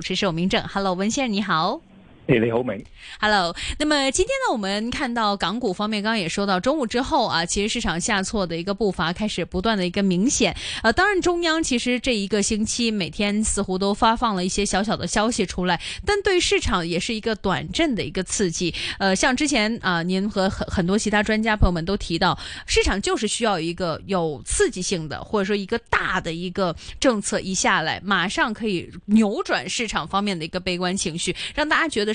主持人吳明正，Hello，溫先生，你好。你好，明。Hello，那麼今天呢，我們看到港股方面，剛剛也說到中午之後啊，其實市場下挫的一個步伐開始不斷的一個明顯。呃，當然，中央其實這一個星期每天似乎都發放了一些小小的消息出來，但對市場也是一個短暫的一個刺激。呃，像之前啊，呃，您和很很多其他專家朋友們都提到，市場就是需要一個有刺激性的，或者說一個大的一個政策一下來，馬上可以扭轉市場方面的一個悲觀情緒，讓大家覺得。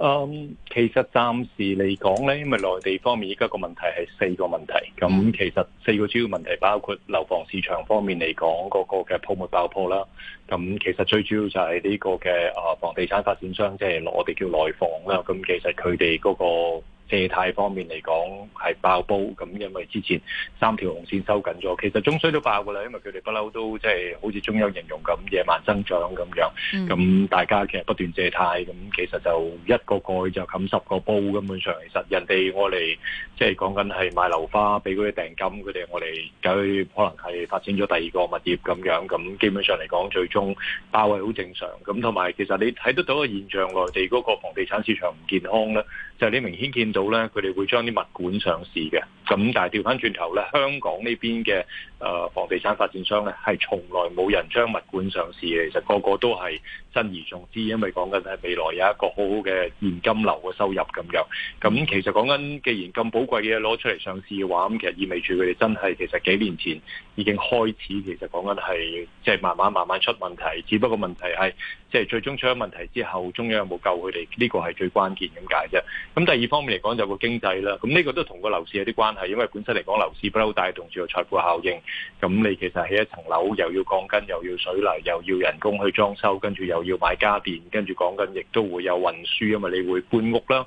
嗯，um, 其實暫時嚟講咧，因為內地方面依家個問題係四個問題，咁其實四個主要問題包括樓房市場方面嚟講，嗰個嘅泡沫爆破啦。咁其實最主要就係呢個嘅啊，房地產發展商即係、就是、我哋叫內房啦。咁其實佢哋嗰個。借貸方面嚟講係爆煲，咁因為之前三條紅線收緊咗，其實中衰都爆噶啦，因為佢哋不嬲都即係好似中央形容咁野蠻增長咁樣，咁、嗯、大家其實不斷借貸，咁其實就一個蓋就冚十個煲，根本上其實人哋我哋即係講緊係買樓花俾嗰啲訂金，佢哋我哋佢可能係發展咗第二個物業咁樣，咁基本上嚟講最終爆係好正常，咁同埋其實你睇得到個現象，內地嗰個房地產市場唔健康咧，嗯、就你明顯見到。到咧，佢哋會將啲物管上市嘅，咁但係調翻轉頭咧，香港呢邊嘅誒房地產發展商咧係從來冇人將物管上市嘅，其實個個都係珍而重之，因為講緊係未來有一個好好嘅現金流嘅收入咁樣。咁其實講緊，既然咁寶貴嘅嘢攞出嚟上市嘅話，咁其實意味住佢哋真係其實幾年前已經開始，其實講緊係即係慢慢慢慢出問題，只不過問題係即係最終出咗問題之後，中央有冇救佢哋呢個係最關鍵咁解啫。咁第二方面嚟講。講就個經濟啦，咁呢個都同個樓市有啲關係，因為本身嚟講樓市不嬲帶動住個財富效應，咁你其實起一層樓又要鋼筋又要水泥又要人工去裝修，跟住又要買家電，跟住講緊亦都會有運輸，因為你會搬屋啦，咁、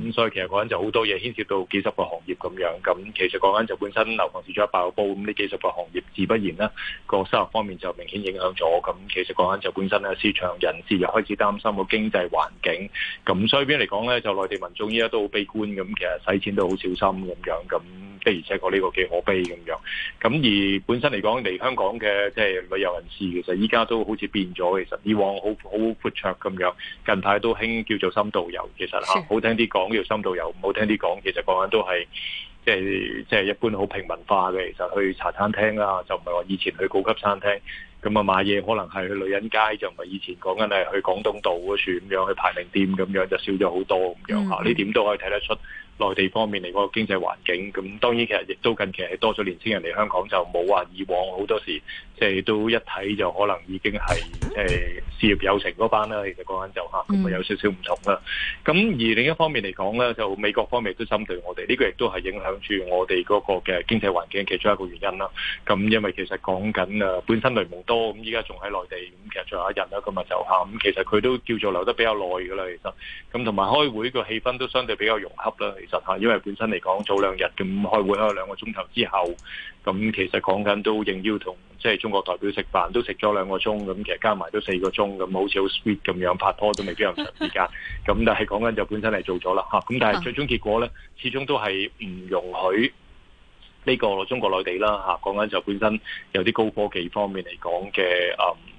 嗯、所以其實講緊就好多嘢牽涉到幾十個行業咁樣，咁其實講緊就本身樓市仲爆煲，咁呢幾十個行業自不然啦，個收入方面就明顯影響咗，咁其實講緊就本身咧市場人士又開始擔心個經濟環境，咁所以邊嚟講咧就內地民眾依家都好悲咁，其實使錢都好小心咁樣，咁的而且確呢個幾可悲咁樣。咁而本身嚟講，嚟香港嘅即係旅遊人士，其實依家都好似變咗。其實以往好好闊綽咁樣，近排都興叫做深度遊，其實嚇的、啊、好聽啲講叫深度遊，唔好聽啲講其實講緊都係即係即係一般好平民化嘅。其實去茶餐廳啊，就唔係話以前去高級餐廳。咁啊，買嘢可能係去女人街，就唔係以前講緊係去廣東道嗰處咁樣去排名店咁樣，就少咗好多咁樣嚇。呢、mm hmm. 點都可以睇得出內地方面嚟嗰個經濟環境。咁當然其實亦都近期係多咗年青人嚟香港，就冇話以往好多時。即係都一睇就可能已經係誒、呃、事業有成嗰班啦。其實講緊就嚇，咁啊有少少唔同啦。咁而另一方面嚟講咧，就美國方面都針對我哋，呢、這個亦都係影響住我哋嗰個嘅經濟環境其中一個原因啦。咁因為其實講緊啊本身雷蒙多咁，依家仲喺內地咁、嗯，其實仲有一日啦，今日就嚇咁、嗯，其實佢都叫做留得比較耐噶啦。其實咁同埋開會個氣氛都相對比較融洽啦。其實嚇，因為本身嚟講早兩日咁開會開兩個鐘頭之後，咁其實講緊都應邀同。即係中國代表食飯都食咗兩個鐘咁，其實加埋都四個鐘咁，好似好 sweet 咁樣拍拖都未必咁長時間。咁 但係講緊就本身係做咗啦，吓咁，但係最終結果咧，始終都係唔容許呢個中國內地啦吓，講緊就本身有啲高科技方面嚟講嘅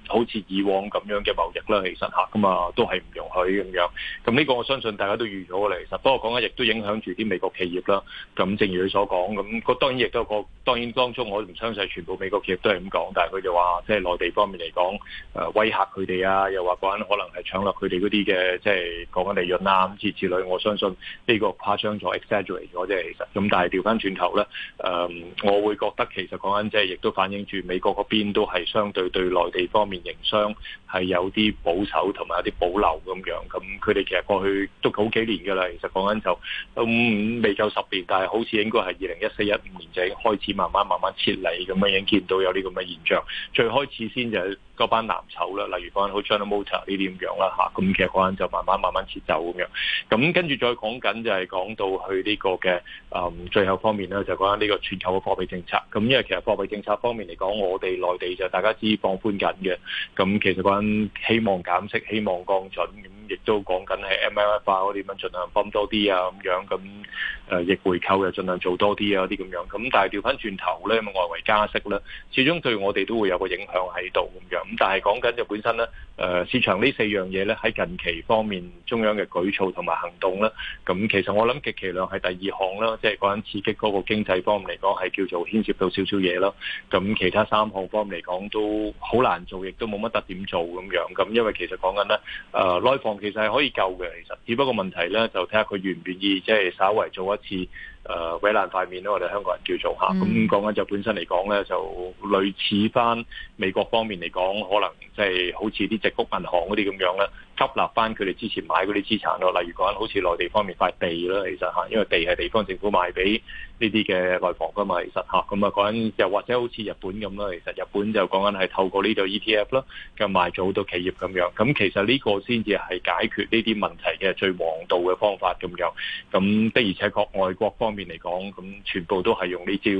好似以往咁樣嘅貿易啦，其實吓咁啊，都係唔容許咁樣。咁呢個我相信大家都預咗嚟，其實不過講緊亦都影響住啲美國企業啦。咁正如佢所講，咁個當然亦都個當然當中，我唔相信全部美國企業都係咁講，但係佢就話即係內地方面嚟講，威嚇佢哋啊，又話講緊可能係搶掠佢哋嗰啲嘅即係講緊利潤啊，咁之類。我相信呢個誇張咗，exaggerate 咗，即係其實。咁但係調翻轉頭咧，誒，我會覺得其實講緊即係亦都反映住美國嗰邊都係相對對內地方面。營商係有啲保守同埋有啲保留咁樣，咁佢哋其實過去都好幾年㗎啦。其實講緊就，嗯，未夠十年，但係好似應該係二零一四一五年就已經開始慢慢慢慢撤離咁樣，已經見到有啲咁嘅現象。最開始先就係嗰班藍籌啦，例如講好似 Motor 呢啲咁樣啦嚇，咁其實講緊就慢慢慢慢撤走咁樣。咁跟住再講緊就係講到去呢個嘅，嗯，最後方面咧就講緊呢個全球嘅貨幣政策。咁因為其實貨幣政策方面嚟講，我哋內地就大家知放寬緊嘅。咁其實講緊希望減息，希望降準，咁亦都講緊係 MLF 啊，嗰啲咁盡量泵多啲啊，咁樣咁誒，逆回購又盡量做多啲啊，嗰啲咁樣。咁但係調翻轉頭咧，外圍加息咧，始終對我哋都會有個影響喺度咁樣。咁但係講緊就本身咧，誒、呃、市場呢四樣嘢咧，喺近期方面中央嘅舉措同埋行動啦。咁其實我諗極其量係第二項啦，即係講緊刺激嗰個經濟方面嚟講，係叫做牽涉到少少嘢啦。咁其他三項方面嚟講都好難做嘅都冇乜特點做咁樣，咁因為其實講緊咧，誒、呃、內房其實係可以救嘅，其實，只不過問題咧就睇下佢願唔願意，即、就、係、是、稍微做一次誒、呃、毀爛塊面咧，我哋香港人叫做吓。咁講緊就本身嚟講咧，就類似翻美國方面嚟講，可能即係好似啲矽谷銀行嗰啲咁樣啦。吸納翻佢哋之前買嗰啲資產咯，例如講緊好似內地方面塊地啦，其實嚇，因為地係地方政府賣俾呢啲嘅內房㗎嘛，其實嚇，咁啊講緊又或者好似日本咁啦，其實日本就講緊係透過呢度 ETF 咯，就賣咗好多企業咁樣，咁其實呢個先至係解決呢啲問題嘅最王道嘅方法咁樣，咁的而且確外國方面嚟講，咁全部都係用呢招，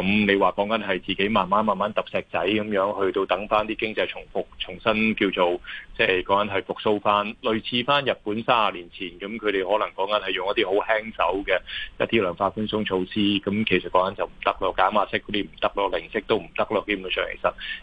咁你話講緊係自己慢慢慢慢揼石仔咁樣，去到等翻啲經濟重複重新叫做即係講緊係復甦。翻類似翻日本三十年前咁，佢哋可能講緊係用一啲好輕手嘅一啲量化寬鬆措施，咁其實講緊就唔得咯，減息嗰啲唔得咯，零息都唔得咯，基本上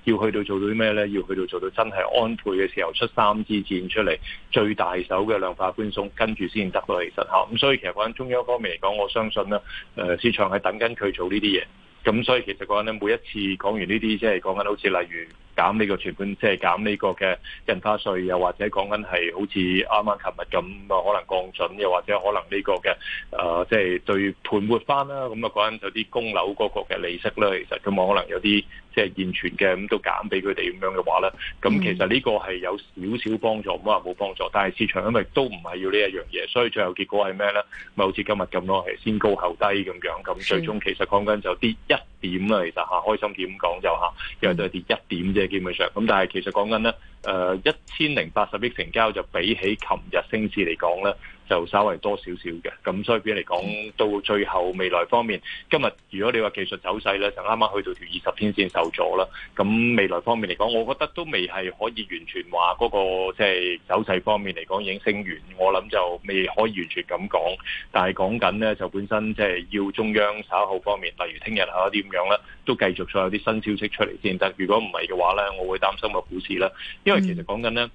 其實要去到做到啲咩呢？要去到做到真係安倍嘅時候出三支箭出嚟，最大手嘅量化寬鬆，跟住先得咯。其實嚇，咁所以其實講緊中央方面嚟講，我相信呢誒、呃、市場係等緊佢做呢啲嘢，咁所以其實講緊咧，每一次講完呢啲，即係講緊好似例如。減呢個存款，即係減呢個嘅印花稅，又或者講緊係好似啱啱琴日咁啊，可能降準，又或者可能呢個嘅誒，即係對盤活翻啦，咁啊講緊有啲供樓嗰個嘅利息啦，其實咁啊可能有啲即係現存嘅咁都減俾佢哋咁樣嘅話咧，咁其實呢個係有少少幫助，唔好話冇幫助。但係市場因為都唔係要呢一樣嘢，所以最後結果係咩咧？咪好似今日咁咯，係先高後低咁樣，咁最終其實講緊就啲。一。點啦，其實吓，開心點講就吓，又都係跌一點啫，基本上。咁但係其實講緊咧，誒，一千零八十億成交就比起琴日升市嚟講咧。就稍微多少少嘅，咁所以俾人嚟講，到最後未來方面，今日如果你話技術走勢咧，就啱啱去到條二十天線受阻啦。咁未來方面嚟講，我覺得都未係可以完全話嗰個即係走勢方面嚟講已經升完，我諗就未可以完全咁講，但係講緊咧，就本身即係要中央稍後方面，例如聽日啊啲點樣啦，都繼續再有啲新消息出嚟先。得。如果唔係嘅話咧，我會擔心個股市啦，因為其實講緊咧。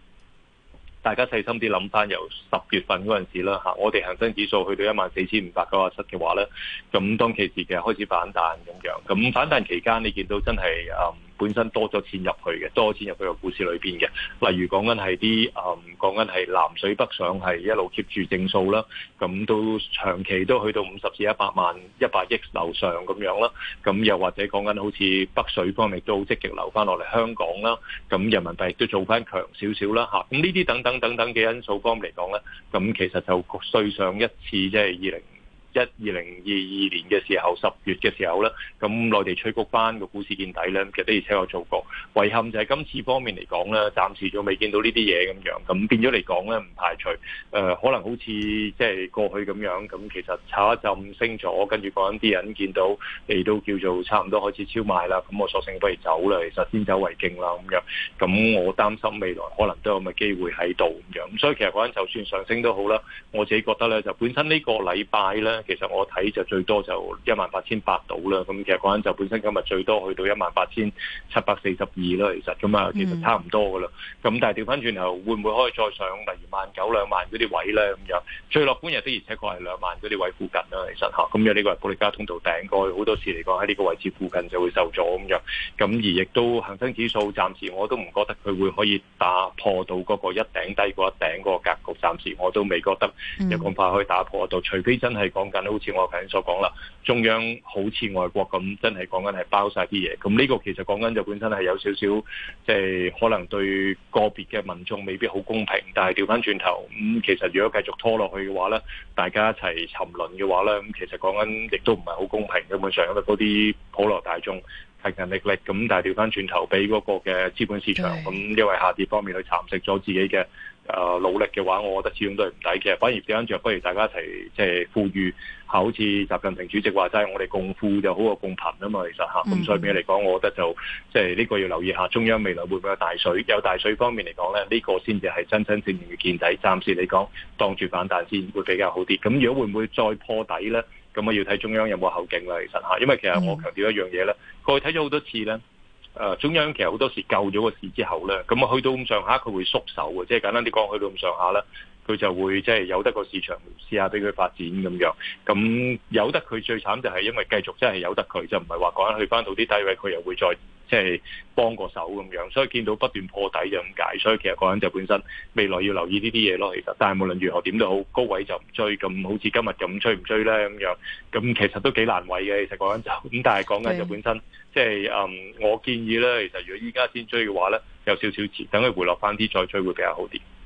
大家細心啲諗翻由十月份嗰陣時啦吓，我哋恒生指數去到一萬四千五百九十七嘅話咧，咁當其時其實開始反彈咁樣，咁反彈期間你見到真係啊本身多咗錢入去嘅，多錢入去個股市裏邊嘅，例如講緊係啲誒，講緊係南水北上係一路 keep 住正數啦，咁都長期都去到五十至一百萬、一百億樓上咁樣啦，咁又或者講緊好似北水方面都好積極流翻落嚟香港啦，咁人民幣亦都做翻強少少啦嚇，咁呢啲等等等等嘅因素方面嚟講咧，咁其實就上一次即係二零。一二零二二年嘅時候，十月嘅時候咧，咁內地吹谷班嘅股市見底咧，其實都而且我做過。遺憾就係今次方面嚟講咧，暫時仲未見到呢啲嘢咁樣。咁變咗嚟講咧，唔排除誒、呃，可能好似即係過去咁樣。咁其實炒一陣升咗，跟住嗰陣啲人見到，亦都叫做差唔多開始超賣啦。咁我索性不如走啦，其實先走為敬啦咁樣。咁我擔心未來可能都有咁嘅機會喺度咁樣。咁所以其實嗰陣就算上升都好啦，我自己覺得咧，就本身個呢個禮拜咧。其實我睇就最多就一萬八千八到啦，咁其實嗰陣就本身今日最多去到一萬八千七百四十二啦，其實咁啊，其實差唔多噶啦。咁、嗯、但係調翻轉頭，會唔會可以再上例如萬九兩萬嗰啲位咧？咁樣最樂觀入的，而且確係兩萬嗰啲位附近啦。其實嚇咁樣呢個係保歷加通道頂過去，好多次嚟講喺呢個位置附近就會受阻咁樣。咁而亦都恒生指數暫時我都唔覺得佢會可以打破到嗰個一頂低過一頂嗰個格局，暫時我都未覺得有咁快可以打破到，嗯、除非真係講。但係好似我頭先所講啦，中央好似外國咁，真係講緊係包晒啲嘢。咁呢個其實講緊就本身係有少少，即係可能對個別嘅民眾未必好公平。但係調翻轉頭，咁，嗯，其實如果繼續拖落去嘅話咧，大家一齊沉淪嘅話咧，咁其實講緊亦都唔係好公平。根本上有好多啲普羅大眾勤勤力力，咁但係調翻轉頭俾嗰個嘅資本市場，咁對因為下跌方面去蠶食咗自己嘅。誒努力嘅話，我覺得始終都係唔抵嘅。反而點解著？不如大家一齊即係富裕好似習近平主席話齋，我哋共富就好過共貧啊嘛。其實咁、嗯、所以嚟講，我覺得就即係呢個要留意下中央未來會唔會有大水？有大水方面嚟講咧，呢、呢個先至係真真正正嘅見底。暫時嚟講，當住反彈先會比較好啲。咁如果會唔會再破底咧？咁我要睇中央有冇後勁啦。其實因為其實我強調一樣嘢咧，嗯、過去睇咗好多次咧。誒、呃，中央其實好多時救咗個市之後咧，咁啊去到咁上下，佢會縮手嘅，即係簡單啲講，去到咁上下啦。佢就會即係有得個市場試下俾佢發展咁樣，咁有得佢最慘就係因為繼續真係有得佢就唔係話講去翻到啲低位，佢又會再即係幫個手咁樣，所以見到不斷破底就咁解，所以其實講緊就本身未來要留意呢啲嘢咯，其實，但係無論如何點都好，高位就唔追，咁好似今日咁追唔追咧咁樣，咁其實都幾難為嘅，其實講緊就咁，但係講緊就本身即係嗯，我建議咧，其實如果依家先追嘅話咧，有少少遲，等佢回落翻啲再追會比較好啲。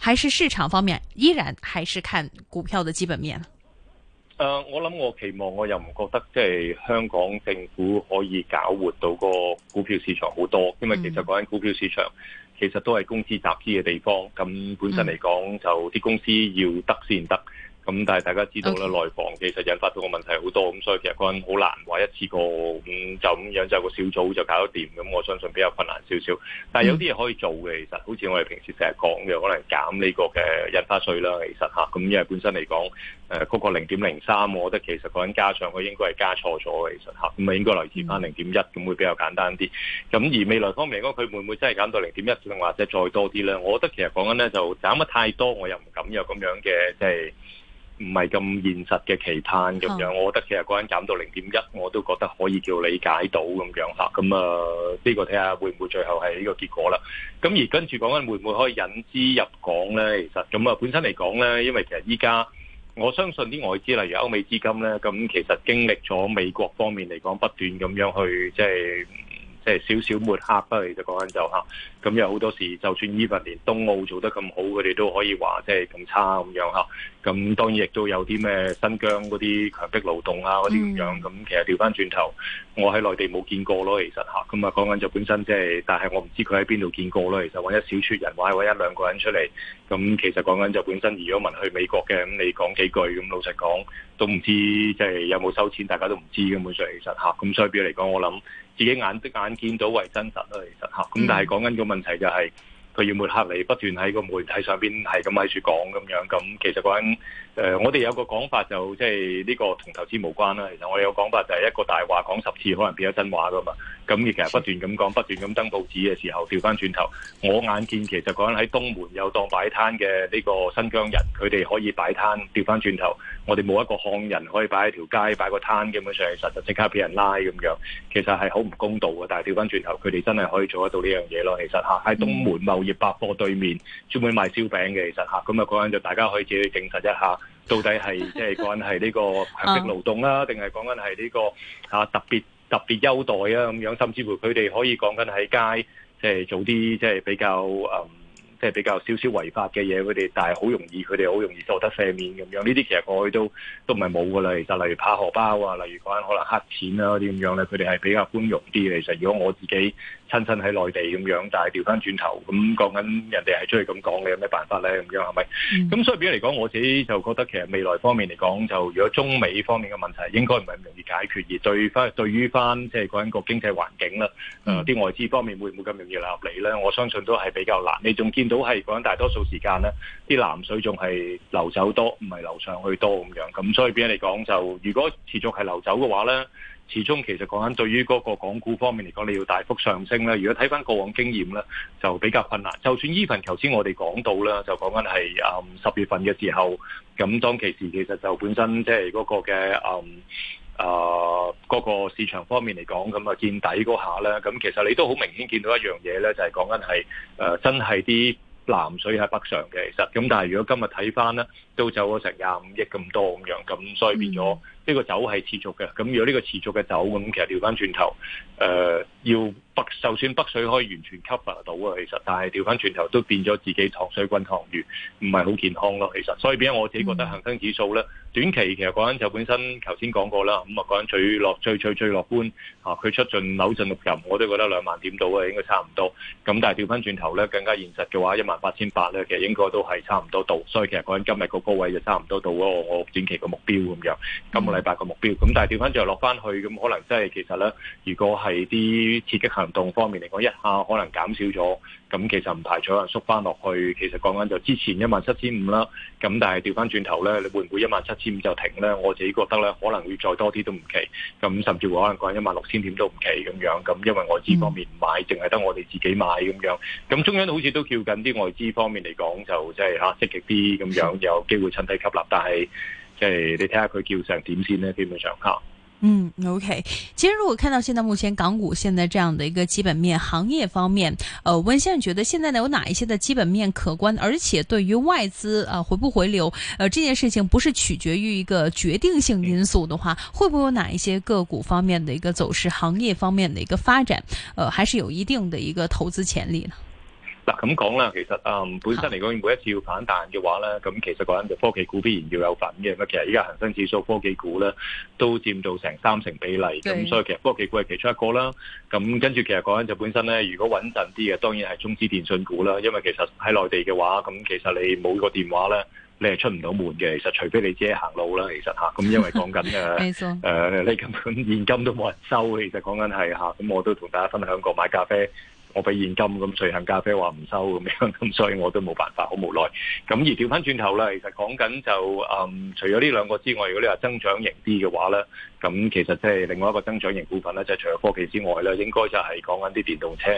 還是市場方面，依然還是看股票的基本面。誒，uh, 我諗我期望，我又唔覺得即係香港政府可以搞活到個股票市場好多，因為其實講緊股票市場，其實都係公司集資嘅地方。咁本身嚟講，就啲公司要得先得。咁、嗯、但係大家知道咧，Okay. 內房其實引發到個問題好多，咁所以其實嗰陣好難話一次過咁、嗯、就咁樣就個小組就搞得掂，咁我相信比較困難少少。但係有啲嘢可以做嘅，其實好似我哋平時成日講嘅，可能減呢個嘅印花稅啦。其實吓，咁、嗯、因為本身嚟講，誒、呃、嗰、那個零點零三，我覺得其實嗰陣加上佢應該係加錯咗嘅，其實吓，咁啊應該嚟自翻零點一咁會比較簡單啲。咁而未來方面佢會唔會真係減到零點一，或者再多啲咧？我覺得其實講緊咧就減得太多，我又唔敢有咁樣嘅即、就是唔係咁現實嘅期盼。咁樣，哦、我覺得其實個人減到零點一，我都覺得可以叫理解到咁樣吓，咁啊，呢個睇下會唔會最後係呢個結果啦。咁而跟住講緊會唔會可以引資入港咧？其實咁啊，本身嚟講咧，因為其實依家我相信啲外資，例如歐美資金咧，咁其實經歷咗美國方面嚟講不斷咁樣去即係。就是即係少少抹黑不其就講緊就嚇，咁有好多時，就算依 n 年連冬奧做得咁好，佢哋都可以話即係咁差咁樣。咁當然亦都有啲咩新疆嗰啲強迫勞動啊嗰啲咁樣。咁、嗯、其實調翻轉頭，我喺內地冇見過咯，其實咁啊講緊就本身即、就、係、是，但係我唔知佢喺邊度見過咯。其實揾一小撮人，揾一兩個人出嚟。咁其實講緊就本身，如果問去美國嘅，咁你講幾句，咁老實講都唔知即係有冇收錢，大家都唔知根本上其實。咁所以表嚟講，我自己眼的眼見到為真實啦，其實咁，但係講緊個問題就係、是、佢要抹黑你，不斷喺個媒體上面係咁喺處講咁樣，咁其實講。誒、呃，我哋有個講法就即係呢個同投資無關啦。其實我哋有講法就係一個大話講十次，可能變咗真話㗎嘛。咁亦其實不斷咁講，不斷咁登報紙嘅時候，調翻轉頭，我眼見其實嗰陣喺東門有當擺攤嘅呢個新疆人，佢哋可以擺攤。調翻轉頭，我哋冇一個漢人可以擺喺條街擺個攤，基本上其實就即刻俾人拉咁樣。其實係好唔公道嘅。但係調翻轉頭，佢哋真係可以做得到呢樣嘢咯。其實吓，喺東門茂業百貨對面專門賣燒餅嘅，其實吓，咁啊嗰陣就大家可以自己去證實一下。 到底係即係講緊係呢個強迫勞動啦、啊，定係講緊係呢個啊特別特別優待啊咁樣，甚至乎佢哋可以講緊喺街即係、就是、做啲即係比較嗯即係、就是、比較少少違法嘅嘢，佢哋但係好容易佢哋好容易受得赦面咁樣。呢啲其實我哋都都唔係冇噶啦。其實例如扒荷包啊，例如講緊可能黑錢啊啲咁樣咧，佢哋係比較寬容啲。其實如果我自己，親身喺內地咁樣，但係調翻轉頭咁講緊人哋係出去咁講，你有咩辦法咧？咁樣係咪？咁、嗯、所以，畀人嚟講，我自己就覺得其實未來方面嚟講，就如果中美方面嘅問題應該唔係咁容易解決，而對翻對於翻即係講緊個經濟環境啦，啲、嗯呃、外資方面會唔會咁容易入嚟咧？我相信都係比較難。你仲見到係講緊大多數時間咧，啲南水仲係流走多，唔係流上去多咁樣。咁所以，畀人嚟講，就如果持續係流走嘅話咧？始終其實講緊對於嗰個港股方面嚟講，你要大幅上升啦。如果睇翻過往經驗咧，就比較困難。就算依份頭先我哋講到啦，就講緊係誒十月份嘅時候，咁當其時其實就本身即係嗰個嘅誒嗰個市場方面嚟講，咁啊見底嗰下咧，咁其實你都好明顯見到一樣嘢咧，就係講緊係誒真係啲南水喺北上嘅。其實咁，但係如果今日睇翻咧，都走咗成廿五億咁多咁樣，咁所以變咗。嗯呢個走係持續嘅，咁如果呢個持續嘅走咁，其實調翻轉頭，誒、呃，要北就算北水可以完全吸納到啊，其實，但係調翻轉頭都變咗自己糖水滾糖魚，唔係好健康咯，其實。所以變我自己覺得恒生指數咧，短期其實講緊就本身頭先講過啦，咁啊講緊落最樂最最最樂觀啊，佢出盡扭盡六壬，我都覺得兩萬點到啊，應該差唔多。咁但係調翻轉頭咧，更加現實嘅話，一萬八千八咧，其實應該都係差唔多到。所以其實講緊今日個高位就差唔多到嗰個我短期個目標咁樣。嗯第八個目標，咁但係調翻轉頭落翻去，咁可能即係其實咧，如果係啲刺激行動方面嚟講，一下可能減少咗，咁其實唔排除可能縮翻落去。其實講緊就之前一萬七千五啦，咁但係調翻轉頭咧，你會唔會一萬七千五就停咧？我自己覺得咧，可能會再多啲都唔奇，咁甚至會可能講一萬六千點都唔奇咁樣。咁因為外資方面唔買，淨係得我哋自己買咁樣。咁中央好似都叫緊啲外資方面嚟講，就即係吓積極啲咁樣，有機會趁低吸納，但係。即係你睇下，佢叫成點先呢？基本上靠。嗯，OK。其實如果看到現在目前港股現在這樣的一個基本面、行業方面，呃，溫先生覺得現在呢有哪一些的基本面可觀，而且對於外資啊、呃、回不回流，呃，這件事情不是取決於一個決定性因素的話，會不會有哪一些個股方面的一個走勢、行業方面的一個發展，呃，還是有一定的一個投資潛力呢？嗱咁講啦，其實誒、嗯、本身嚟講，每一次要反彈嘅話咧，咁的其實講人緊就科技股必然要有份嘅。咁其實依家恒生指數科技股咧都佔到成三成比例，咁的所以其實科技股係其中一個啦。咁跟住其實講緊就本身咧，如果穩陣啲嘅，當然係中資電信股啦。因為其實喺內地嘅話，咁其實你冇個電話咧，你係出唔到門嘅。其實除非你自己行路啦，其實吓，咁、啊，因為講緊、啊 呃、你根本現金都冇人收。其實講緊係吓，咁、啊、我都同大家分享過買咖啡。我俾現金，咁隨行咖啡話唔收，咁樣，咁所以我都冇辦法，好無奈。咁而調返轉頭啦，其實講緊就誒，除咗呢兩個之外，如果你話增長型啲嘅話咧。咁其實即係另外一個增長型股份咧，就係、除咗科技之外咧，應該就係講緊啲電動車。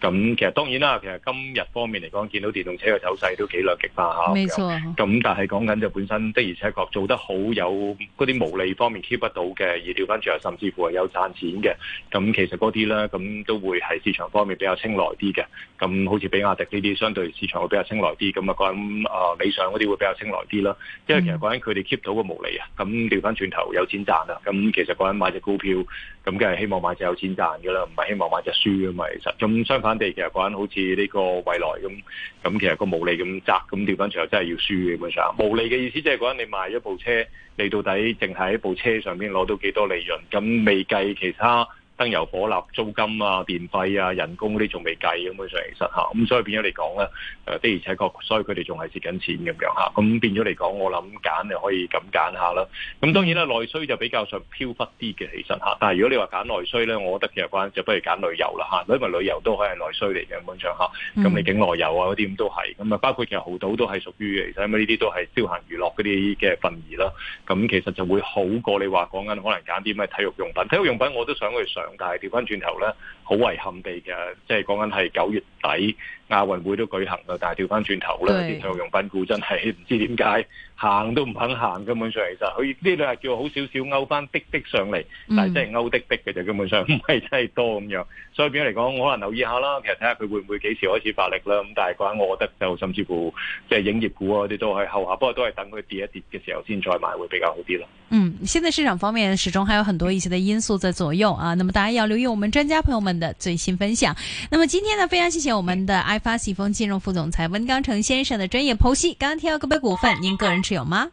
咁其實當然啦，其實今日方面嚟講，見到電動車嘅走勢都幾兩極化吓。冇錯。咁、啊、但係講緊就本身的而且確做得好有嗰啲毛利方面 keep 得到嘅，而掉翻轉甚至乎係有賺錢嘅。咁其實嗰啲咧，咁都會係市場方面比較青睞啲嘅。咁好似比亞迪呢啲，相對市場會比較青睞啲。咁、那個、啊，講緊啊理想嗰啲會比較青睞啲啦。因為其實講緊佢哋 keep 到個毛利啊，咁掉翻轉頭有錢賺啊，咁。其實講緊買隻股票，咁梗係希望買隻有錢賺嘅啦，唔係希望買隻輸嘅嘛。其實咁相反地，其實講緊好似呢個蔚來咁，咁其實個毛利咁窄，咁掉翻出又真係要輸嘅基本上。毛利嘅意思即係講緊你買咗部車，你到底淨係喺部車上面攞到幾多利潤？咁未計其他。燈油火蠟、租金啊、電費啊、人工嗰啲仲未計基本上，其實嚇。咁所以變咗嚟講咧，的而且確，所以佢哋仲係蝕緊錢咁樣嚇。咁變咗嚟講，我諗揀就可以咁揀下啦。咁當然啦，內需就比較上飄忽啲嘅，其實嚇。但係如果你話揀內需咧，我覺得其實反而不如揀旅遊啦嚇，因為旅遊、啊、都可係內需嚟嘅，基本上嚇。咁你境外遊啊嗰啲咁都係，咁啊包括其實豪島都係屬於其實咁啊呢啲都係消閒娛樂嗰啲嘅份兒啦。咁其實就會好過你話講緊可能揀啲咩體育用品，體育用品我都想去但係調翻轉頭咧，好遺憾地嘅，即係講緊係九月底亞運會都舉行啦，但係調翻轉頭咧，啲常用品股真係唔知點解行都唔肯行，根本上其實佢呢兩日叫好少少勾翻逼逼上嚟，但係真係勾滴滴的逼嘅就根本上唔係真係多咁樣，所以變咗嚟講，我可能留意下啦，其實睇下佢會唔會幾時開始發力啦。咁但係嘅話，我覺得就甚至乎即係影業股啊，啲都係後下，不過都係等佢跌一跌嘅時候先再買會比較好啲啦。嗯，現在市場方面始終還有很多一些嘅因素在左右啊。那麼大家要留意我們專家朋友們的最新分享。那麼今天呢，非常謝謝。我們的 iFAST 奕豐金融副總裁溫鋼城先生的專業剖析。剛剛提到個別股份，您個人持有嗎？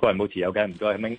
個人冇持有嘅，唔該 t